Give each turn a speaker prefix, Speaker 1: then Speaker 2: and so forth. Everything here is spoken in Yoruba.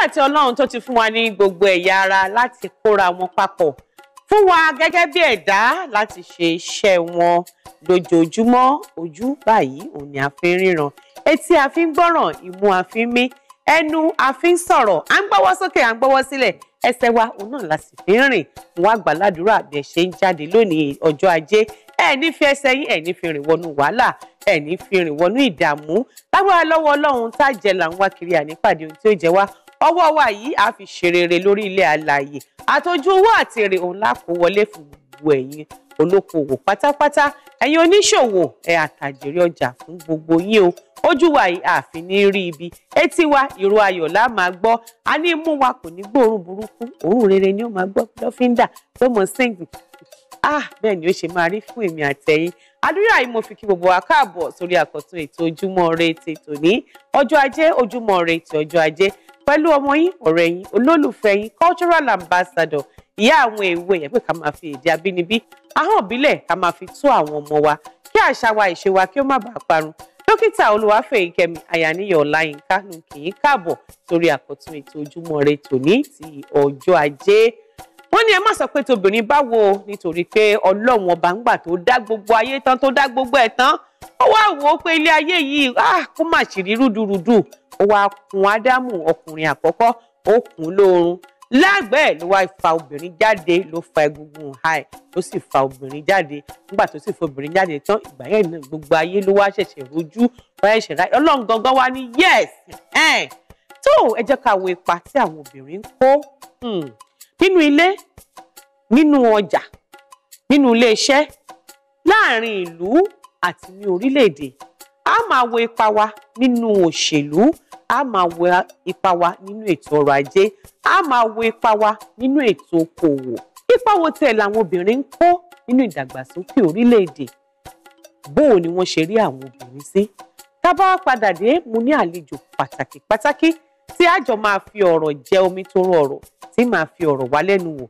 Speaker 1: nígbà tí ọlọ́run tó ti fún wa ní gbogbo ẹ̀yà ara láti kóra wọn papọ̀ fún wa gẹ́gẹ́ bí ẹ̀dá láti ṣe iṣẹ́ wọn lójoojúmọ́ ojú báyìí òun ni ríran etí a gbọ́ràn ìmú a mí ẹnu a sọ̀rọ̀ à ń gbọ́wọ́ sókè à ń gbọ́wọ́ sílẹ̀ ẹsẹ̀ wa òun náà la sì fi ń rìn wá gbàládùúrà bí ẹ ṣe ń jáde lónìí ọjọ́ ajé ẹ ní fi ẹsẹ̀ yín ẹ ní fi rìn wọnú wàhálà ẹ ní fi rìn wọnú ìdààmú lágbára lọ́wọ́ Ọlọ́run tá jẹ là wá kiri ànípàdé ohun tí ó jẹ wá ọwọ́ wa yìí a fi ṣèrèrè lórí ilẹ̀ alààyè àtọ́jú owó àti èrè òun lákò wọlé fún gbogbo ẹ̀yin olókoòwò pátápátá ẹ̀yin oníṣòwò ẹ̀ àtàjèrè ọjà fún gbogbo yín o ojú wa yìí a fi ní rí ibi etí wa ìró ayọ̀ la máa gbọ́ a ní imú wa kò ní gbóòórùn burúkú òórùn rere ni ó máa gbọ́ lọ́fíńdà tó mọ̀ síngì ah bẹ́ẹ̀ ni ó ṣe máa rí fún èmi àtẹ̀yin àdúrà yìí mo fi kí gbogbo wa káàbọ̀ sórí àkọ́tún ètò ojúmọ́ ire ti tòní ọjọ́ ajé ojúmọ́ ire ti ọjọ́ ajé pẹ̀lú ọmọ yín ọ̀rẹ́ yín olólùfẹ́ yín cultural ambassador ìyá àwọn èwe ẹ̀ pé ká máa fi èdè abínibí ahọ́n ìbílẹ̀ ká máa fi tó àwọn ọmọ wa kí àṣà wa ìṣe wa kí ó má bàa parun dókítà olùwàfẹ̀yìnkẹ́mi àyàníyàn ọláyínká ló kì í káàbọ̀ sórí àkọ́tún ètò ojúmọ́ ire tòní ti ọjọ́ ajé wọ́n ní ẹ má sọ pé tobìnrin bá wo nítorí pé ọlọ́run ọba ń gbà tó dá gbogbo ayé tán tó dá gbogbo ẹ̀ tán ó wá wò ó pé ilé ayé yìí ah, kó má ṣì rí rúdurùdu ó wá kun ádámù ọkùnrin àkọ́kọ́ ó kùn lóorun lágbẹ́ẹ̀ ló wá fa obìnrin jáde ló fa egungun ha ẹ̀ ló sì fa obìnrin jáde nígbà tó sì fa obìnrin jáde tán ìgbà yẹn náà gbogbo ayé ló wá ṣẹ̀ṣẹ̀ rojú wọ́n ṣẹ̀ṣẹ̀ ọlọ́run gangan wá ní yes tó ẹ jẹ́ ká wo ipa tí àwọn obìnrin ń kó hmm, nínú ilé nínú ọjà nínú iléeṣẹ́ láàrin ìlú àti ní orílẹ̀-èdè a máa wo ipa wa nínú òṣèlú a máa wo ipa wa nínú ètò ọrọ̀ ajé a máa wo ipa wa nínú ètò okòwò ipa wo tẹ̀ làwọn obìnrin ń kó nínú ìdàgbàsókè orílẹ̀-èdè bóò ni wọ́n ṣe rí àwọn obìnrin sí tá bá padà dé mo ní àlejò pàtàkì pàtàkì tí a jọ máa fi ọ̀rọ̀ jẹ omi tó rọrọ̀ tí màá fi ọ̀rọ̀ wá lẹ́nu wò